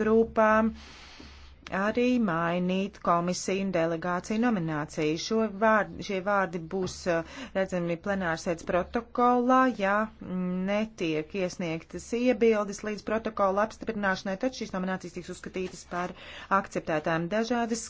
grupām arī mainīt komisiju un delegāciju nomināciju. Šo vārdu, šie vārdi būs eh, redzami plenārsēdz protokolā, ja netiek iesniegtas iebildes līdz protokola apstiprināšanai, tad šīs nominācijas tiks uzskatītas par akceptētām dažādas